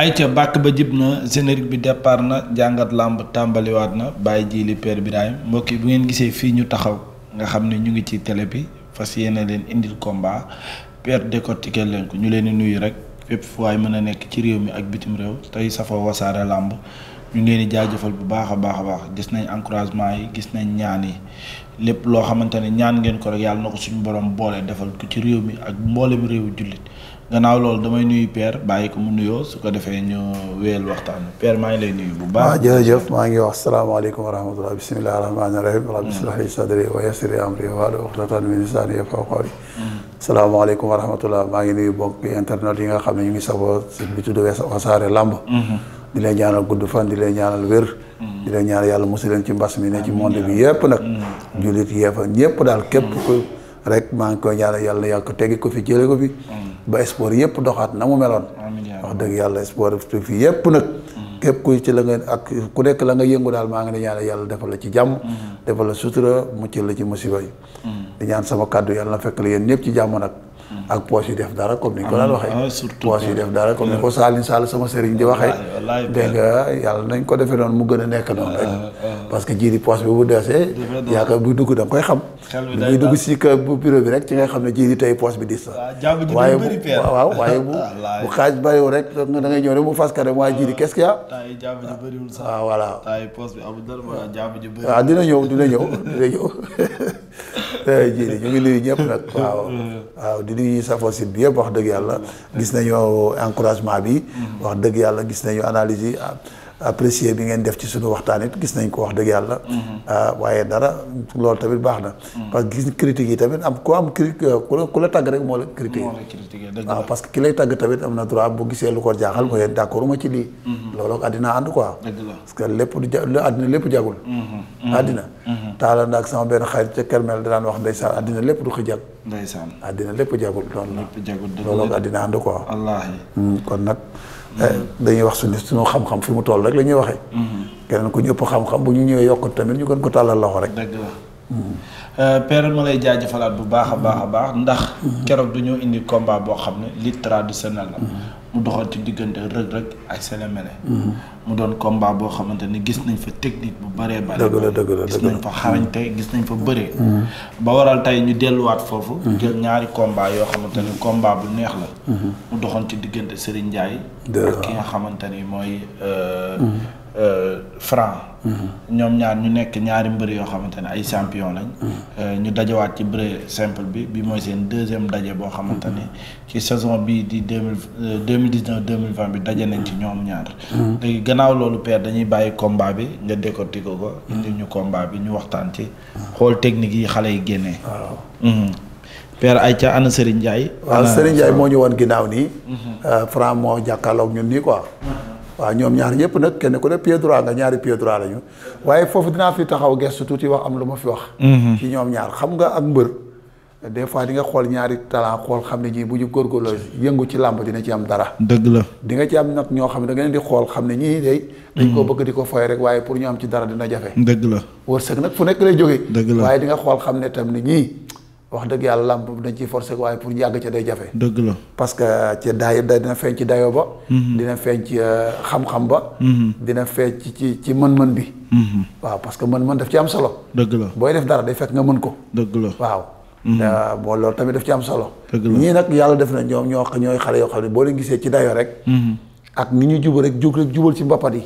ayca bàkk ba jib na générique bi départ na jàngat làmb tàmbaliwaat na bàyyi jiili Père Birahim mbokk yi bu ngeen gisee fii ñu taxaw nga xam ne ñu ngi ci télé bi fas yéene leen indil komba Père décortiquer leen ko ñu leen di nuyu rek fépp fu waay mën a nekk ci réew mi ak bitim réew tey safoo wasaare làmb ñu ngi leen di jaajëfal bu baax a baax a baax gis nañ encouragement yi gis nañ ñaan yi lépp loo xamante ne ñaan ngeen ko rek yàlla na ko suñu borom boole defal ko ci réew mi ak mboolem réewu jullit gannaaw lool damay nuyu père bàyyi ko mu nuyoo su ko defee ñu wéyal waxtaan père maa ngi lay nuyu bu baax. waaw ah, jërëjëf maa ngi wax salaamaaleykum wa rahmatulah bisimilah rahmaani rahim. Mm. rabbi ishrah li sadri wa yassir li amri wahlul uqdatan min lisani yafqahu mm. maa ngi nuyu mbokk internet yi nga xam ne ñu ngi saboo bi tudd Wassare Lamb. Mm-hmm. di leen ñaanal gudd fan di leen ñaanal wér. di leen ñaanal yàlla mosu leen ci mbas mi ne ci monde bi yëpp nag. jullit yeefa ñëpp daal képp ku rek maa ngi koy ñaanal yàlla yàlla ko teggi ko fi jëlee ko fi. ba sport yëpp doxaat na mu meloon. wax dëgg yàlla sport fi yëpp nag. képp kuy ci la ak ku nekk la nga yëngu daal maa ngi lay ñaanal yàlla defal la ci jàmm. defal la sutura mucc la ci musiba yi. di ñaan sama kàddu yàlla na fekk la yéen ñëpp ci jàmm nag. ak poche yi def dara comme ni ko daan waxee ah, ah, poche yi def dara comme ni ko Saalin Sall sama sëriñ di waxee dégg nga yàlla nañ ko defee noonu mu gën a nekk noonu rek ah, parce que jiiri poche bi bu desee yaakaar buy dugg da nga koy xam buy dugg si ka bu bureau bi rek ci nga xam ne jiiri tey poche bi dis na waaye waaw waaye bu bu xaaj bariwul rek da ngay ñëw rek mu fas kare waaye jiiri qu'est-ce qu'il y a waaw ah, voilà waaw ah, dina ñëw dina ñëw dina ñëw eh, jiiri ñu ngi nuyu ñëpp nag waaw mm-hmm. waaw di nuyu safo site bi yëpp wax dëgg yàlla mm-hmm. gis nañu encouragement bi mm-hmm. wax dëgg yàlla gis nañu analyse yi apprécier bi ngeen def ci suñu waxtaan it gis nañ ko wax dëgg yàlla. Mm-hmm. Ah, waaye dara lool tamit baax na. Mm-hmm. parce que gis critique yi tamit am ku am critique euh, ku la tàgg rek moo la. critiqué waaw ah, parce que ki lay tàgg tamit am na droit bu gisee lu ko jaaxal nga mm-hmm. d' ma ci lii. loolu ak àddina ànd lépp du ja lépp jagul. àddina. taalanda ak sama benn daan wax ndeysaan àddina lépp du ko jag. ndeysaan àddina lépp jagul. loolu la loolu ak àddina ànd quoi. wallaahi mm, kon nag. Eh, dañuy wax su suñu xam-xam fi mu toll rek la ñuy waxee. Mm-hmm. keneen ko ñëpp xam-xam bu ñu ñëwee yokk tamit ñu gën ko tàllal loxo rek. dëgg la. Mm-hmm. Eh, père ma lay jaajëfalaat bu baax a baax a mm-hmm. baax ndax. keroog du ñu indi combat boo xam ne lutte traditionnelle la. mu doxoon ci diggante Reug Reug ak Sele mhm. mu doon combat boo xamante ni gis nañ fa technique bu baree bëri. dëgg la dëgg la gis nañ fa xarañte gis nañ fa bëree. Mhm. ba waral tey ñu delluwaat foofu. Mhm. jël ñaari combat yoo xamante ni combat bu neex la. mu doxoon ci diggante Serigne Ndiaye. ak ki nga xamante ni mooy. Euh, Euh, franc. ñoom ñaar ñu nekk ñaari mbër yoo xamante ne ay champion lañ. Euh, ñu dajawaat ci bëre simple bi bi mooy seen deuxième daje boo xamante ne ci saison bii di deux mille euh, deux mille dix neuf mille vingt bi daje nañ ci ñoom ñaar. léegi gannaaw loolu père dañuy bàyyi komba bi nga décortiquer ko. indi ñu combat bi ñu waxtaan ci. xool technique yi xale yi génnee. Hmm. père Aïcha ana Serigne Ndiaye. waaw Serigne Ndiaye moo ñu woon ginnaaw nii. Hmm. Franc moo jàkkaarloog ñun nii quoi. Hmm. waaw ñoom ñaar ñëpp nag kenn ku ne pied droit nga ñaari pied lañu waaye foofu dinaa fi taxaw gestu tuuti wax am lu ma fi wax. Mm-hmm. ci ñoom ñaar xam nga ak mbër. des fois di nga xool ñaari talent xool xam ne ñii bu ñu góorgóorloo yëngu ci làmb dina ci am dara. dëgg la di nga ci am nag ñoo xam ne da nga leen di xool xam ne ñii day. dañ koo mm-hmm. bëgg di ko fooy rek waaye pour ñu am ci dara dina jafe. dëgg la wërsëg nag fu nekk lay jógee. dëgg la waaye di nga xool xam ne tam ne ñii. wax dëgg yàlla làmb dañ ciy forcé waaye pour ñu yàgg ca day jafe. dëgg la parce que ci da dina feeñ ci dayoo ba. Mm-hmm. dina feeñ ci euh, xam-xam ba. Mm-hmm. dina feeñ ci ci ci mën-mën bi. Mm-hmm. waaw parce que mën-mën daf ci am solo. dëgg la booy def dara day fekk nga mën ko. dëgg la waaw. Euh, bon loolu tamit daf ci am solo. dëgg la nag yàlla def na ñoom ñoo ñooy xale yoo xam ne boo leen gisee ci dayoo rek. ak ni ñu jubal rek jug jubal ci mbapat yi.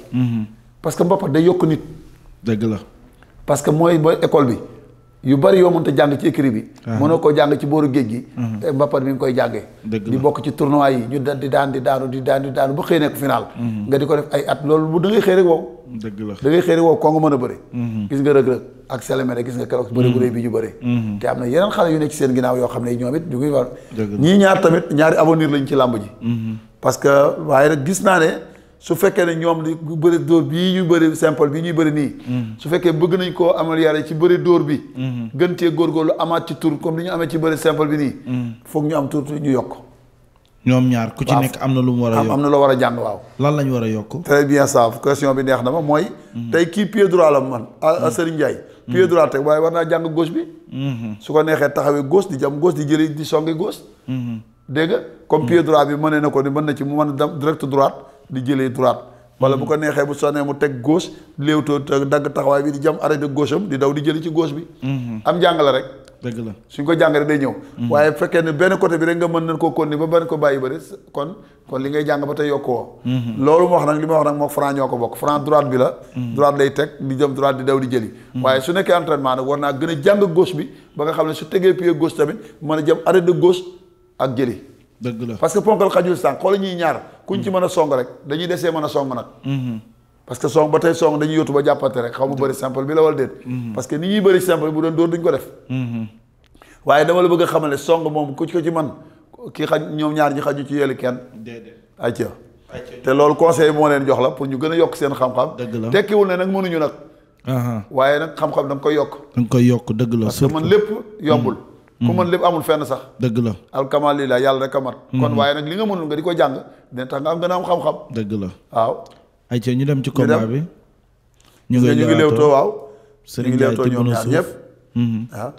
parce que mbapat day yokk nit. dëgg la parce que mooy mooy école bi. yu bari yoo mënta jàng ci écrit bi ah. mënoo koo jàng ci booru géej gi te mhm. eh, mbappat mi koy jàngee di bokk ci tournoi yi ñu di di daanu di daanu ba xëy nekk final mhm. nga di ko def ay at loolu bu xëy rek wow dëgg xëy rek wow koo nga mën a bëre mhm. gis nga rëg-rëg ak Sélé gis nga keroog bëre bu rëy bi ñu bëre te am na yeneen xale yu nekk ci seen ginnaaw yoo xam ne ñoom it ñu ngi war ñii ñaar tamit ñaari avenir lañ ci làmb ji parce waaye nag gis su fekkee ne ñoom li bëri dóor bii ñu bëri simple bi ñu bëri nii mm-hmm. su fekkee bëgg nañ koo améliorer ci bëri dóor bi mm-hmm. gën góor cee lu amaat ci tour comme li ñu amee ci bëri simple bi nii mm-hmm. foog ñu am tour ñu yokk ñoom ñaar ku ci nekk am na lu mu war a yokk am na lu war a jàng waaw lan lañ war a yokk très bien ça question bi neex na ma mooy tey kii pied droit la man a Serigne Ndiaye pied droit teg waaye war naa jàng gauche bi su ko neexee taxawee gauche di jam gauche di jëli di songe gauche dégg nga comme pied droit bi na ko mën na ci mu mën a direct droite di jëlee droite wala bu ko neexee bu sonnee mu teg gauche léewtoo dagg taxawaay bi di jam arrêté gauche am di daw di jëli ci gauche bi mhm. am jàng la rek dëgg la suñ ko jàngalee day ñëw mhm. waaye fekkee ne benn côté bi rek nga mën nañ koo ni ba ban ko bàyyi bëri kon kon li ngay jàng ba tey yokku woo mhm. loolu ma wax nag li ma wax nag moo franc ñoo ko bokk franc droite bi la droite lay teg di jëm droite di daw di jëli waaye su nekkee entraînement nag war naa gën a jàng gauche bi ba nga xam ne su tegee pied gauche tamit mën a jëm arrêté gauche ak jëli dëgg la parce que ponkal xajul sànq xoola ñuy ñaar kuñ ci mm-hmm. mën a song rek dañuy desee mën a song nag mm-hmm. parce que song ba tey song dañuy yotu ba jàppante rek xaw ma bari simple bi la wala déet mm-hmm. parce que ni ñuy bëri simple bu doon dóor duñ ko def waaye dama la bëgg a xamal ne song moom ku ci ko ci man kii xaj ñoom ñaar ñi xaju ci yeelu kenn déedéet ayca te loolu conseil moo leen jox la pour ñu gën a yokk seen xam-xam dëgg la tekkiwul ne nag mënuñu nag waaye nag xam-xam da nga koy yokk da nga koy yokk dëgg la parce man lépp yombul mm. ku hmm. mën lépp amul fenn sax dëgg la alkamal lii la yàlla rek a mat hmm. kon waaye nag li nga mënul nga di ko jàng dina tax nga am gën a am xam-xam dëgg la waaw ay ci ñu dem ci combat bi ñu ngi ñu ngi léewtoo waaw ñu ngi léewtoo ñoom ñaar ñëpp waaw hmm. ah.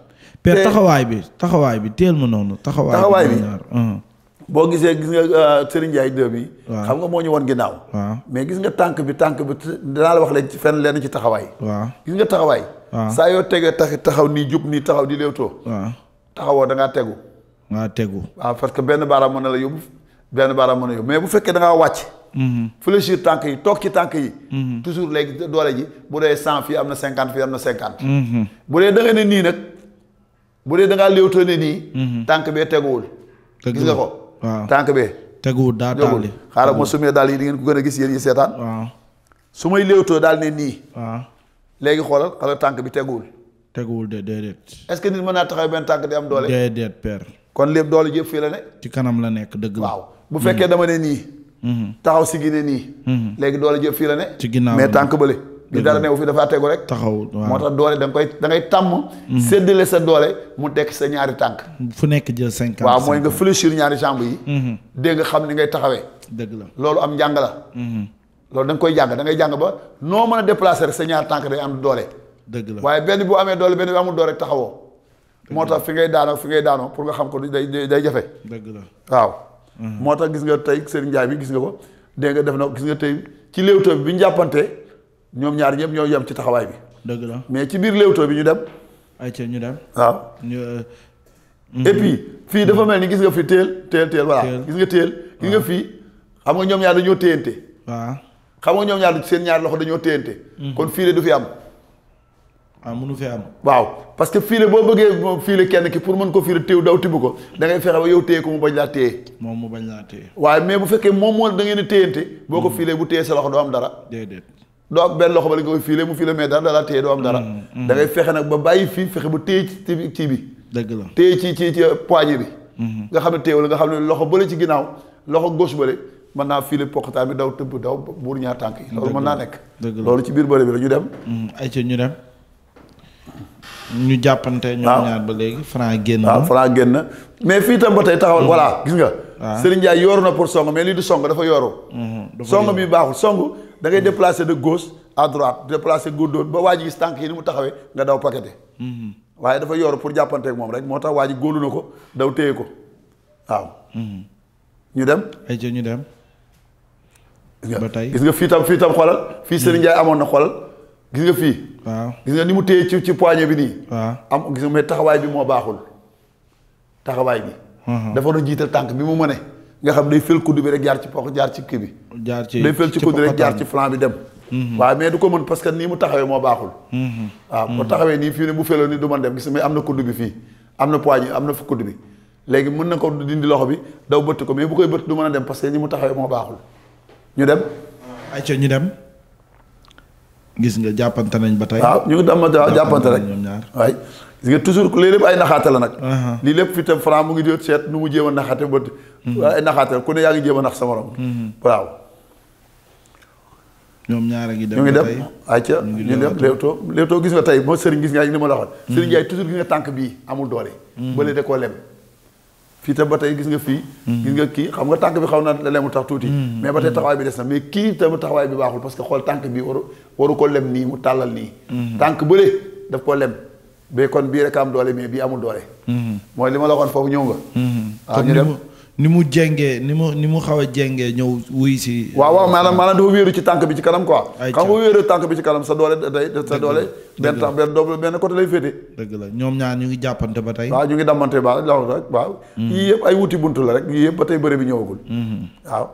père taxawaay bi taxawaay bi teel ma noonu taxawaay taxawaay bi boo gisee gis nga euh, Serigne Ndiaye deux bi xam nga moo ñu woon ginnaaw waaw mais gis nga tànk bi tànk bi dinaa la wax leen ci fenn leen ci taxawaay waaw gis nga taxawaay saa yoo tegee tax taxaw nii jub nii taxaw di léewtoo waaw taxawoo da ngaa tegu. ngaa tegu. waaw parce que benn baaraam mën na la yóbbu benn baaraam mën na yóbbu mais bu fekkee da ngaa wàcc. Mm-hmm. fléchir tànk yi toog ci tànk yi. Mm-hmm. toujours léegi doole ji bu dee cent fii am na cinquante fii am na cinquante. Mm-hmm. bu dee da nga ne nii nag bu dee da ngaa ne nii. tànk bee teguwul. gis nga ko waaw tànk bee. teguwul daa taali xaaral ma sumee daal yi di ngeen gën a gis yéen yi seetaan. waaw su may léewtoo daal ne nii. waaw xoolal xala tànk bi teguwul. teguwul de déedéet. est-ce que nit mën naa taxaw benn tànk di am doole. déedéet père. kon lépp doole ji yëpp fii la ne. ci kanam la nekk dëgg la waaw. bu fekkee mm. dama ne nii. Mm-hmm. taxaw si gi ne nii. Mm-hmm. léegi doole ji yëpp fii la ne. ci ginnaaw mais tànk bële. bi dara newu fi dafa tegu rek. taxaw waaw moo tax doole da nga koy da ngay tàmm. Mm-hmm. séddale sa doole mu tekk sa ñaari tànk. fu nekk jël cinquante waaw mooy nga fléchir ñaari jambe yi. dégg nga xam ni ngay taxawee. dëgg la loolu am njàng la. loolu da nga koy jàng da ngay jàng ba noo mën a déplacer rek sa ñaari tànk day am doole. dëgg la waaye benn bu amee doole benn bi amul doole rek taxawoo. moo tax fi ngay daanoo fi ngay daanoo pour nga xam ko day day jafe. dëgg la waaw. Mhm. moo tax gis nga tey Serigne njaay bi gis nga ko dégg nga def na gis nga ci léewtoo bi bi ñoom ñaar ñëpp ñoo yem ci taxawaay bi. dëgg la mais ci biir léewtoo bi ñu dem. ay ci ñu dem. waaw ñu. Euh, et fii dafa mel ni gis nga fi teel teel teel voilà gis nga teel. gis nga fii xam nga ñoom ñaar dañoo téyante. waaw xam nga ñoom ñaar seen ñaar loxo dañoo téyente mhm. kon fii de du fi am. ah munu fee waaw parce que fiile boo bëggee fiile kenn ki pour mën ko fiile téew daw tibb ko da ngay fexe ba yow téye ko mu bañ laa téye. moom mu bañ laa téye. waaye mais bu fekkee moom moo da ngeen di téyante. boo ko mm. fiilee bu téye sa loxo doo am dara. déedéet benn loxo ba la nga koy fiile mu fiile mais dara dala téye doo am dara. Mm, mm. fexe nag ba bàyyi fii fexe ba téye ci ci bi. dëgg la ci ci ci bi. Mm-hmm. nga xam ne téew la nga xam ne loxo bële ci ginnaaw loxo gauche bële. mën naa fiile poqataan bi daw tëbb daw buur ñaar tànk yi. loolu mën naa nekk. loolu ci biir bëre bi la ñu dem. ay ci ñu dem ñu jàppante ñoom ñaar ba léegi Franc génn. waaw Franc génn mais fii tam ba tey taxawal mm-hmm. voilà gis nga. waaw Serigne yooru na pour song mais lii du song dafa yooru. Mm-hmm, song bi baaxul song dangay ngay mm-hmm. déplacer de gauche à droite déplacer góorgóorlu ba waa ji gis tànk yi ni mu taxawee nga daw paqueté. waaye dafa yooru pour jàppanteeg moom rek moo tax waa ji góolu na ko daw téye ko waaw. ñu dem. ay ñu dem. ba tey gis nga fii tam fii tam xoolal fii Serigne Ndiaye amoon na xoolal gis fii. waaw gis nga ni mu téye ci ci poignet bi nii. waaw am gis nga mais taxawaay bi moo baaxul taxawaay bi. Mhm. dafa doon jiital tànk bi mu mëne. nga xam day fël kudd bi rek jaar ci pox jaar ci kii bi. jaar day fël ci kudd jaar ci flanc bi dem. Mhm. waaw mais du ko mën parce que nii mu taxawee moo baaxul. Mhm. waaw mu taxawee nii fii ne bu feloon nii du man dem gis nga mais am na kudd bi fii am na poignet am na fa kudd bi. léegi mën na ko dindi loxo bi daw bëtt ko mais bu koy bëtt du mën a dem parce que ni mu taxawee moo baaxul ñu dem. ayca ñu dem. gis nga jàppante nañ ba tey. waaw ñu ngi am jàppante rek ñoom ñaar waay gis toujours lii lépp ay naxaate la nag. Uh-huh. lii lépp fi tam Franc mu ngi jot seet nu mu jéem a naxaate ba. Mm-hmm. ay naxaate la ku ne yaa ngi jéem a nax sa morom. Mm-hmm. waaw. ñoom ñaar a ngi dem ñu ngi dem ayca ñu ngi dem Leewtoo gis nga tey moo Serigne gis nga ni ma la waxoon. Mm-hmm. Serigne Ndiaye toujours gis nga tànk bii amul doole. bële da koo lem. fii tam ba tey gis nga fii hmm. gis nga kii xam nga tànk bi xaw na leen mu tax tuuti hmm. mais ba tey hmm. taxawaay bi des na mais kii tam taxawaay bi baaxul parce xool tànk bi waru waru ko lem nii mu tàllal nii tànk bële daf ko lem ba kon bii rek am doole mais bii amul doole mooy li ma la waxoon foofu ñëw nga waaw ñu dem ni mu jengee ni mu ni mu xaw a jengee ñëw wuy si. waaw waaw uh, maanaam maanaam dafa wéeru ci tànk bi ci kanam quoi. ay xam nga wéeru tànk bi ci kanam sa doole day sa doole. benn tànk benn doole la ñoom ñaar ñu ngi ba tey. waaw ñu ngi damante ba loolu rek waaw. Mm-hmm. yii yëpp ay wuti buntu la rek yii yëpp ba tey bëre bi ñëwagul. Mm-hmm. waaw.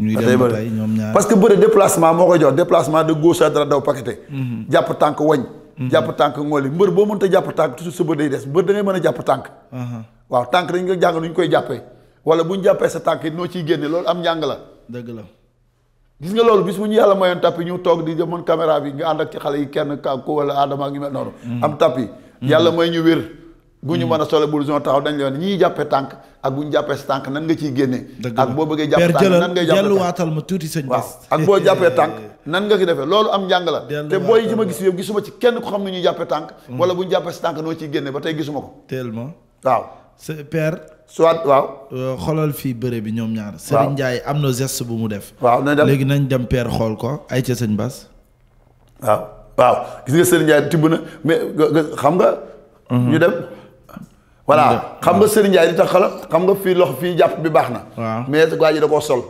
ñuy dem ba tey ñoom ñaar parce que bëre déplacement moo koy jox déplacement de gauche à droite daw paqueté. Mm-hmm. jàpp tànk wañ. jàpp tànk ngooli mbër boo mënta jàpp tànk toujours sa bër day des mbër da ngay mën a jàpp tànk uh-huh. waaw tànk dañ koy jàng nu ñu koy jàppee wala bu ñu jàppee sa tànk noo ciy génne loolu am njàng la. la. gis nga loolu bis bu ñu yàlla mayoon tapis ñu toog di demoon caméra bi nga ànd ak ci xale yi kenn kàkku wala Adama ak ñu mel noonu. Mm. am tapis. Mm. yàlla may ñu wér. gu ñu mm. mën a solo bu taxaw dañ leen ñi jàppee tànk ak bu jàppee sa nan nga ciy génnee. ak boo bëggee jàpp tànk nan ngay jàppee waatal ma tuuti sëñ Bass waaw ak boo jàppee tànk nan nga ki loolu am njàng la te booy ci ma gis yow gisuma ci kenn ko xam ne jàppee tànk wala bu ñu jàppee noo ciy génnee ba tey gisuma ko tellement waaw père soit waaw euh, xoolal fii bëre bi ñoom ñaar Serigne Ndiaye am na geste bu mu def waaw nañ dem léegi nañ dem per xool ko ay ca sëñ Bass waaw waaw gis nga Serigne Ndiaye tibb na mais xam nga mhm. ñu dem voilà xam nga Serigne Ndiaye di tax xam nga fii loxo fii jàpp bi baax na waaw mais da koo sol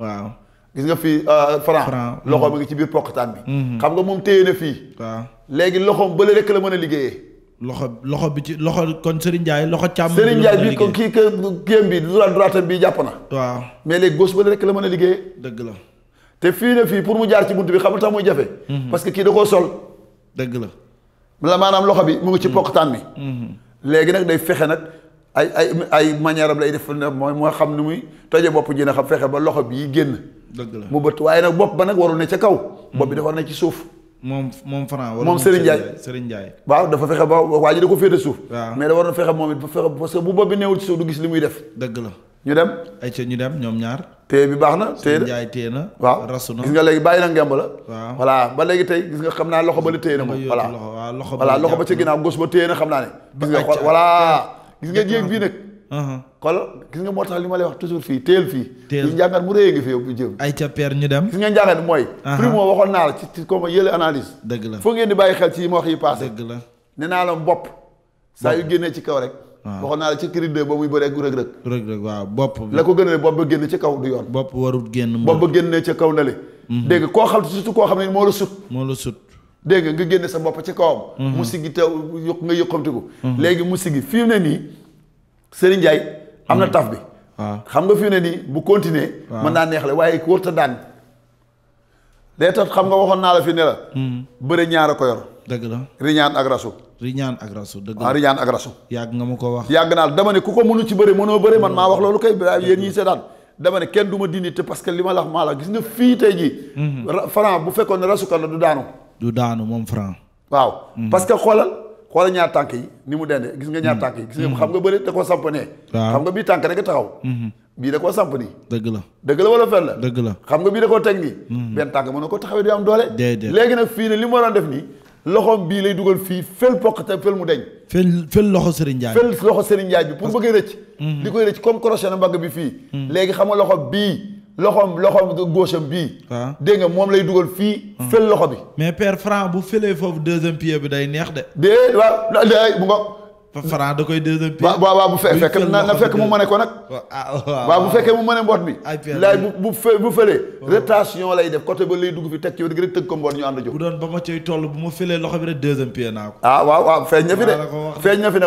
waaw gis nga fii euh, Franc loxo mhm. mi ngi ci biir pokkataan bi mhm. xam nga moom téye na fii waaw léegi loxoom bële rek la mën a liggéeyee loxo loxo bi ci loxo kon Serigne Ndiaye loxo càmm. Serigne Ndiaye bii ko kii que kéem bi droite bi jàpp na. waaw mais léegi gauche ba rek la mën a liggéeyee. dëgg la te fii ne fii pour mu jaar ci bunt bi xam tax muy jafe. Mhm. parce que kii da koo sol. dëgg la. la maanaam loxo bi mu ngi ci mhm. poktaan mi. Mhm. léegi nag day fexe nag ay ay ay manière am lay def mooy moo xam ni muy toje bopp ji na xam fexe ba loxo bii yi génn. dëgg la mu bët waaye nag bopp ba nag warul ne ca kaw. bopp bi dafa war ne ci suuf. moom moom Franc wala moom Serigne Ndiaye Serigne Ndiaye waaw dafa fexe ba waa ji da ko féete suuf waaw mais da waroon fexe moom it ba fexe parce bu bopp bi neewul ci suuf du gis li muy def dëgg la ñu dem ay ca ñu dem ñoom ñaar téye bi baax na téye Ndiaye téye na waaw rasu na gis nga léegi bàyyi na ngemb la waaw voilà ba léegi tey gis nga xam naa loxo ba li téye na moom voilà loxo voilà loxo ba ca ginnaaw gos ba téye na xam naa ne gis nga xool voilà gis nga jéeg bii nag xolo uh-huh. gis nga moo tax li ma lay wax toujours fii téel fii i njàngat mu réy ngi fi yow bu jëm ay ca père nga njàngat mooy uh-huh. primo waxoon naa ci comme yële analyse dëgg la foo ngeen di bàyyi xel ci yi ma wax yi passé dëgg la kaw rek waxoon naa la ci cri de ba muy bëre ak rëg-rëg rëg-rëg la ko gën a bopp ba génn ci kaw du yoon bopp warut génn bopp ba génne ca kaw na le mhm. dégg nga koo xam surtout koo xam ne moo la sut moo la sut dégg nga génne sa bopp ci kawam mhm. mu siggi taw nga yëkkamtiku mhm. léegi mu siggi fii ne nii Serigne Ndiaye am na mm. taf bi. waaw xam nga fi ne nii bu continuer mën naa neexle waaye ku wërta daan. day tax xam nga waxoon naa la fi ne la. Mm. bëre ñaar a ko yor. dëgg la riñaan ak rasu. riñaan ak rasu dëgg la waaw ah, riñaan ak rasu. yàgg nga ma ko wax. yàgg naa dama ne ku ko mënu ci bëre mënoo bëre man maa wax loolu kay mm. yéen ñii seetaan dama ne kenn du ma dindi te parce que li ma la maa la gis nga fii tey jii. Franc bu fekkoon ne rasuka la du daanu. du daanu moom Franc. waaw parce xoolal. xoola ñaar tànk yi ni mu dende gis nga ñaar hmm. tànk yi gis nga hmm. xam nga bëri da koo samp ne xam nga bii tànk rek taxaw hmm. bii da koo samp nii dëgg la dëgg la wala fen la dëgg la xam nga bii da koo teg nii benn tànk mën na ko taxawee du am doole léegi nag fii ne li mu waroon def nii loxoom bii lay dugal fii fel poqate fel mu deñ fel fel loxo Serigne Ndiaye fel loxo Serigne Ndiaye bi pour bëggee rëcc li koy rëcc comme crochet na mbagg bi fii léegi xam nga loxo bii loxoom loxoom gaucham bii. waaw dégg nga moom lay dugal fii. Hmm. fël loxo bi. mais père Franc bu felee foofu deuxième pied bi day neex de. la waaw day bu nga. Franc da koy deuxième pied. waaw waaw bu fekk na na fekk mu mëne ko nag. waaw ah, bu fekkee mu mëne mboot bi. laay bu bu fe bu lay def côté ba lay dugg fi teg ci wér rek tëgg ko mboot ñu ànd jóg. bu doon ba ma cay toll bu ah,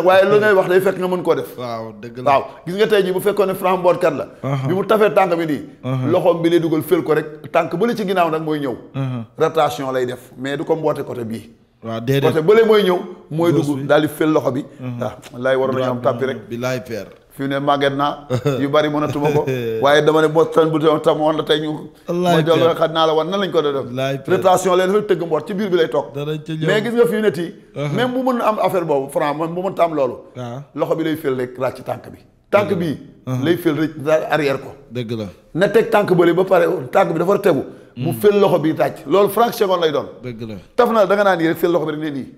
waaye lu ngay wax day fekk nga mën koo def. waaw dëgg la gis nga tey jii bu fekkoon ne Franc mboot kat la. Uh-huh. bi mu tafee tànk bi nii. Uh-huh. loxoom bi lay dugal fël ko rek tànk ba li ci ginnaaw nag mooy ñëw. Uh-huh. rotation lay def mais du ko mboote côté bii waaw déedéet parce que bële mooy ñëw. mooy dugg daal di fël loxo bi. Mhm. Ah, waaw laay waroon nañu am tàppi rek. bi laay peer. ne màgget naa. yu bari mënatuma ko. waaye dama ne boo tan bu tam tey ñu. laay peer mooy xam naa la wan nan lañ ko doon def. laay peer rétention dafay tëgg mboot ci biir bi lay toog. mais gis nga fi mu ne tii. Uh-huh. même bu mën am affaire boobu franc man bu mën ta am loolu. Ah. loxo bi lay fël rek ràcc ci tànk bi. tànk bi uh-huh. lay fël rek ko. dëgg la na teg tànk bële ba pare tànk bi dafa tegu mu fël loxo bi tàcc loolu Franck Senghor lay doon dëgg la taf na da nga naan nii rek fël loxo bi nii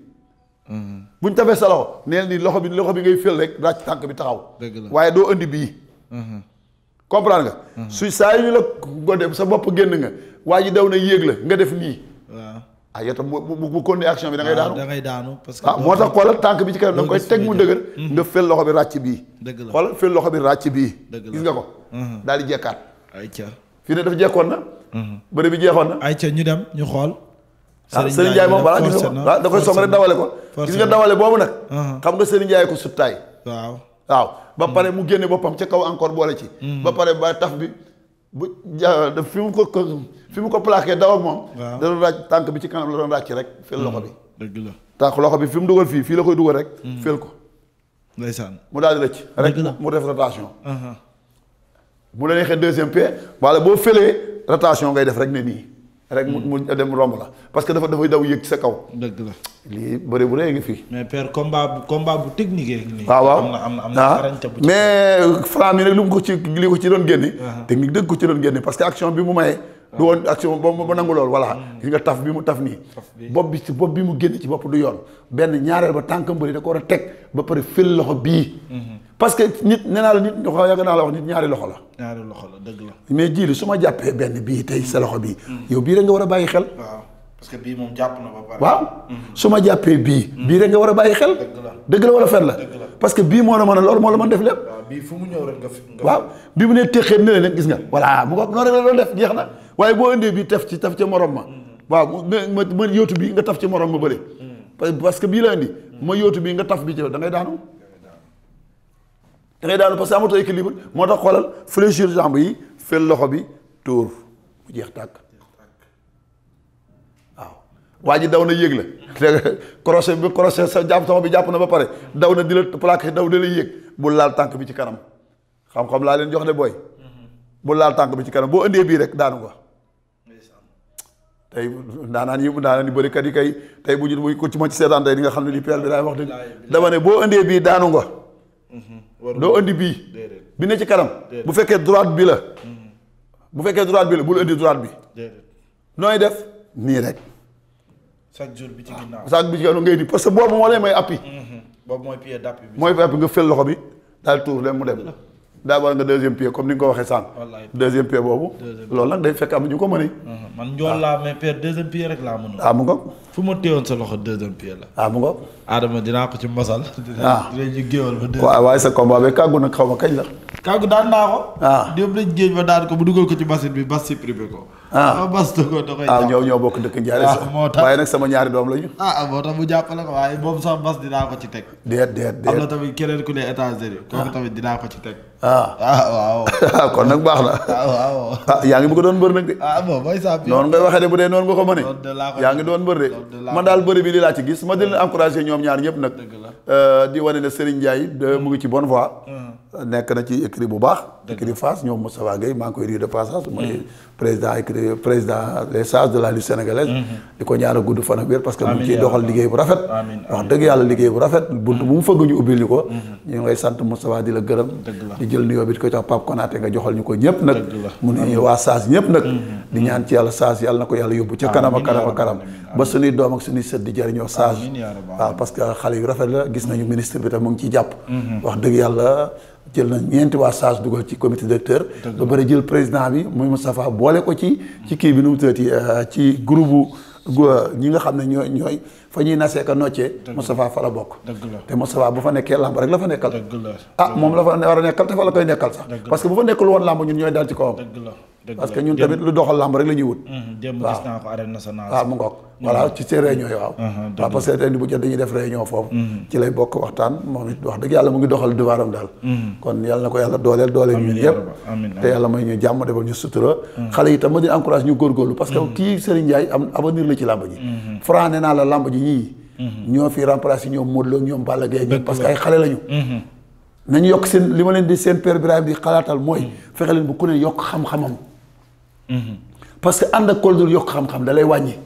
buñ tafee sa loxo nee nii loxo bi loxo bi ngay fël rek ràcc tànk bi taxaw waaye doo indi bii mhm. comprendre nga mhm. su saa yi ñu la godde bopp génn nga waa ji daw na yéeg la nga def nii waaw ah yow tam bu bu bi da ngay daanu da parce que ah tax xoolal tànk bi ci kanam da nga mhm. loxo bi ràcc bii dëgg la xoolal fël loxo bi ràcc bii gis nga ko daal di jekkaat fii ne daf jekkoon na. Mhm. bëri bi jeexoon na. ayca ñu dem ñu xool. Ah, Serigne Ndiaye moom balaa gis nga da koy song rek dawale ko. gis nga dawale boobu nag. Uh-huh. xam nga Serigne Ndiaye ko suttaay. waaw waaw ba mm-hmm. pare mu génne boppam ca kaw encore boole ci. Mm-hmm. ba pare ba tax bi bu ja fi mu ko fi mu ko plaqué daw ak moom. da doon raaj tànk bi ci kanam la doon ràcc rek. fël loxo bi. Mm-hmm. dëgg la tànk loxo bi fi mu dugal fii fii la koy dugal rek. fël ko. mu daal di rëcc. rek mu def rotation. Uh-huh. bu la neexee deuxième P wala boo fëlee rotation ngay def rek ne nii. rek mu mu dem romb la parce que dafa dafay daw yëg ci sa kaw. dëgg la lii bëri bu rëy ngi fii. mais père combat bu combat bu technique nii. waaw ah, waaw am na am na xarañte ah. bu ci mais euh, Franc mi nag ci li ko ci doon génne. Ah. technique dëgg ko ci doon génne parce que action bi mu maye. du woon action ba nangu lool voilà mm. gis nga taf bi mu taf nii bopp bi si bopp bi mu génn ci bopp du yoon benn ñaareel ba tànk mbëri da ko war a teg ba pare fël loxo bii mm-hmm. parce que nit nee naa la nit loxo yàgg naa la wax nit ñaari loxo la ñaari loxo la dëgg la mais jii li su ma jàppee benn bii tey sa loxo bii mm. yow bii rek nga war a bàyyi xel parce que moom jàpp na ba pare. waaw mhm. su ma jàppee bii. Mhm. bii rek nga war a bàyyi xel. dëgg la wala fen la. parce que bii moo la mën a loolu moo la mën def lépp. waaw bii fu ñëw rek nga. waaw bi mu nee téqee ne gis nga. voilà mu ko noonu rek la doon def jeex na waaye boo indee bii taf ci taf ci morom ma. Mhm. waaw bii nga taf ci morom ma bële. parce que bii la indi. ma yóotu bii nga taf bi ci da ngay daanu. da ngay daanu parce que amatoo équilibre moo tax xoolal fléchir jambe yi fel loxo bi tóor mu jeex tàkk waa ji daw na yéeg la crochet bi crochet sa jàpp sama bi jàpp na ba pare daw na di la plaqué daw da la yéeg bul laal tànk bi ci kanam xam-xam laa leen jox de booy bul laal tànk bi ci kanam boo indee bii rek daanu nga tey ndaanaan yi ndaanaan yi bërikat yi kay tey bu ñu bu ko ci ma ci seetaan tey di nga xam ne li peel bi daay wax boo indee bii daanu nga mhm. doo indi bii bi ne ci kanam bu fekkee droite bi la mhm. bu fekkee droite bi la bul indi droite bi nooy def nii rek chaque jour bi ci ah, ginnaaw chaque bi ci ginnaaw ngay di parce que boobu moo lay may appui. Mhm. boobu mooy pied d'appui bi. nga fël loxo bi daal tuur leen mu dem. daa war nga deuxième pied comme ni nga ko waxee sànq. deuxième pied boobu. loolu nag day fekk am ñu ko mënee. Mhm. man njool ah. ah, fu ma téewoon sa loxo deuxième pied la. ah mu ngoog. dinaa ko ci mosal. ah waaye sa combat bi kàggu nag xaw ma kañ la. kàggu daan naa ko. ah démb lañ géej ba daan ko bu dugal ko ci machine bi bas si ko. Ah. ah bas da ko da koy ah ñoo ñoo bokk dëkk njaare ah, moo tax waaye nag sama ñaari doom lañu ah moo tax mu jàppale ko waaye moom sax bas dinaa ko ci teg déet déet déet am na tamit keneen ku ne états-unis kooku tamit dinaa ko ci teg Ah. Ah, waaw waaw ah, kon nag baax na. waaw ah yaa ngi bëgg doon mbër nag de. ah bon waxee de bu dee noonu nga ko mënee. yaa ngi doon mbër de. man daal bëri bi li laa ci gis ma di leen encouragé ñoom ñaar ñëpp nag. Euh, di wane ne Serigne Ndiaye de mu ngi ci bonne voie. Hmm. nekk na ci écrit bu baax. écrit Fass ñoom Moustapha Gueye maa ngi koy nuyu de passage. mooy hmm. président écrit président les sages de la lutte sénégalaise. Hmm. di ko ñaanal gudd fan ak wér parce que mu ngi doxal liggéey bu rafet. wax dëgg yàlla liggéey bu rafet bu mu fëgg ñu ubbil ñu ko. ñu ngay sant Moustapha di la gërëm jël nuyoo bi di ko jox Pape Konaté nga joxal ñu ko ñëpp nag mu nuyu waa saas ñëpp nag mm-hmm. di ñaan ci yàlla saas yàlla na ko yàlla yóbbu ca kanam a kanam a kanam ba suñuy doom ak suñuy sët di jëriñoo saas waaw parce xale yu rafet la gis nañu ministre bi tam mu ngi jàpp mm-hmm. wax dëgg yàlla jël na ñeenti waa saas dugal ci comité directeur ba bari jël président bi muy Moustapha boole ko ci ci kii bi nu mu euh, ci groupe ñi nga xam ne ñooy ñooy fa ñuy nasee ka noccee Moustapha fa la bokk te Moustapha bu fa nekkee làmb rek la fa nekkal ah moom la fa war a nekkal te fa la koy nekkal sax parce que bu fa nekkul woon làmb ñun ñooy daal ci kawam parce que ñun tamit lu doxal lamb rek la ñuy wut. démb gis naa ko arène ah, ci seen réunion waaw. waaw parce que bu jot dañuy def réunion foofu. ci lay bokk waxtaan moom it wax dëgg yàlla mu ngi doxal devoiram daal. kon yàlla na ko yàlla dooleel dooleel ñun ñëpp. te yàlla may ñu jàmm defal ñu sutura. xale yi tam ma di encourage ñu góorgóorlu parce que kii Serigne Ndiaye am avenir la ci lamb ji. Franc nee naa la lamb ji yii. ñoo fi remplacé ñoom Modou Mhm. parce que ànd ak kóol dul yokk xam-xam da wàññi.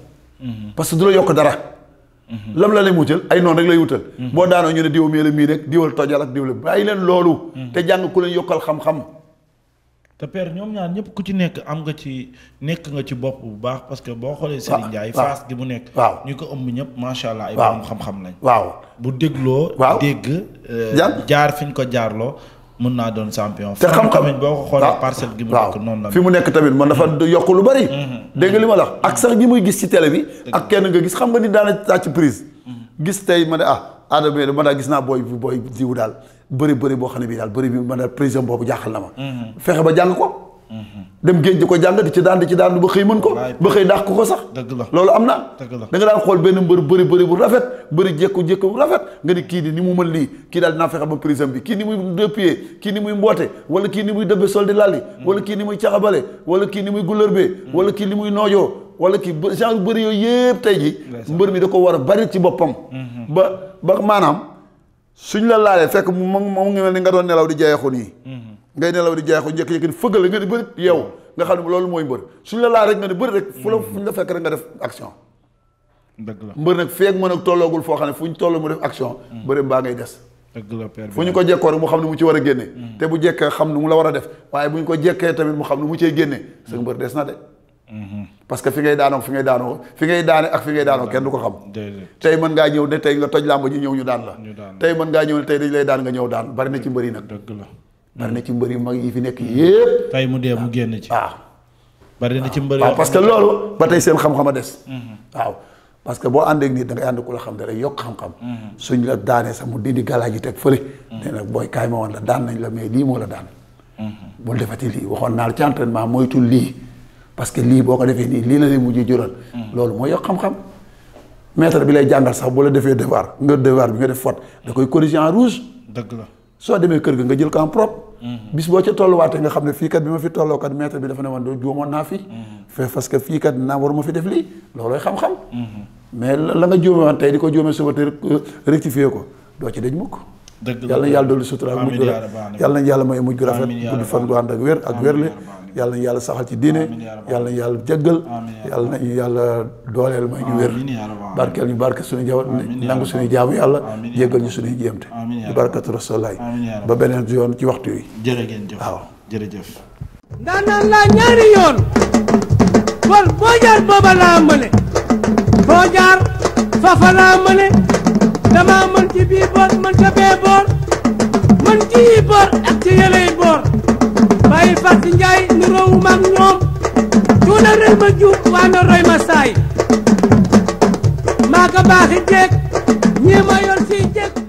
Mhm. parce que du la yokk dara. Mhm. lam la lay wutal ay noonu rek lay wutal. boo daanoo ñu ne diw mii la mii rek diwal tojal ak diw la bàyyi leen loolu. te jàng ku leen yokkal xam-xam. te per ñoom ñaar ñëpp ku ci nekk am nga ci nekk nga ci bopp bu baax parce que boo xoolee. Serigne Ndiaye face gi mu nekk. waaw ñu ko ëmb ñëpp macha allah. ay borom xam-xam lañ. waaw bu dégloo. waaw dégg. Euh, jaar fi ñu ko jaarloo. mën naa doon champion. te xam-xam it boo ko xoolee ah, parcelle gi fi mu nekk tamit man dafa mm-hmm. yokk lu bari. Mm-hmm. dégg li ma la ak sax ñi muy gis ci télé bi. ak kenn nga gis xam nga ni daana tàcc prise. Mm-hmm. gis tey ma ne ah Adama bi ma daal gis naa booy booy diw daal bëri bëri boo xam ne bii daal bëri bi man ne prison boobu jaaxal na ma. fexe ba jàng ko. Mm-hmm. dem géej di ko jàng di ci daan di ci daan ba xëy mën ko ba xëy dàq ko sax dëgg la loolu am na da nga daan xool benn mbër bëri bëri bu rafet bëri jékku-jékku bu rafet nga ni kii di ni mu mën lii kii daal dinaa fexe ba prison bi kii ni muy deux pieds kii ni muy mboote wala kii ni muy dëbbe sol di lalli mm-hmm. wala kii ni muy caxabale wala kii ni muy gulërbee mm-hmm. wala kii ni muy noojoo wala kii genre bëri yooyu yëpp tey ji mbër mi da ko war a bari ci boppam ba ba maanaam suñ la laalee fekk mu ngi mel ni nga doon nelaw di jayeexu nii ngay nelaw di jaaxoo jékki-jékki di fëggal nga di bëri yow nga xam ne loolu mooy mbër suñ la laa rek nga di bëri rek fu la fuñ la fekk rek nga def action dëgg la mbër nag feeg mën tolloogul foo xam ne fu ñu toll mu def action mm. bëri mbaa ngay des dëgg ko jekkoo rek mu xam ne war a génne mm. te bu jekkee xam ne mu la war a def waaye ko jekkee tamit mu xam ne mu cey génne sa mm. mbër des na de mm-hmm. parce que fi ngay daanoo fi ngay daanoo fi ngay daane ak fi ngay daanoo kenn du ko xam tey mën ngaa ñëw ne tey nga toj làmb ji ñëw ñu daan la tey mën ngaa ñëw ne tey dañ lay daan nga ñëw daan bari na ci mbër yi nag bari na ci mbër yi mag yi fi nekk mm. yépp tay mu dee mu ah. génn ci waaw ah. bari na ci mbër ah. parce que loolu ba tey seen xam-xam a des mm-hmm. waaw parce que boo ànd ak nit da ngay ànd ku la xam dara yokk xam-xam mm-hmm. suñ la daanee sax mu dindi galaaj yi teg fële mm-hmm. ne nag booy kaay ma la daan nañ la mais lii moo la daan bul defati lii waxoon naa la ci entraînement moytu lii parce que lii boo ko defee nii lii la lay mujj jural loolu mooy yokk xam-xam maître bi lay jàngal sax bu la defee devoir nga devoir bi nga def da koy corriger en dëgg la soo demee kër gi nga jël ko en propre. Mhm. bis boo ca tolluwaatee nga xam ne fii kat bi ma fi tolloo kat maître bi dafa ne woon doo juumoon naa fi. Mhm. fe parce fii kat naa ma fi def lii loolooy xam-xam. Mhm. mais la nga juume woon tey di ko juume suba te euh, rectifié ko doo ci daj mukk. dëgg la yàlla na yàlla dolli suturaal mujj yàlla na yàlla may mujj rafet gudd fan gu ak wér ak wérle yàlla yàlla saxal ci diine yàlla yàlla jéggal yàlla nañu yàlla dooleel may ñu wér barkeel ñu barke suñu jawat nangu suñu jaamu yàlla jéggal ñu suñu jéemte di barkatu ba beneen yoon ci waxtu yi jërëjëf waaw jërëjëf laa ñaari yoon kon boo jaar booba laa mëne boo jaar fafa laa mëne dama mën ci bii boor mën ca boor mën ci yi boor ak ci yëley boor ay Fass Ndiaye nu roowu maag ñoom cuuna rëy ma juub waa na roy maa ko baaxi ñii ma yor si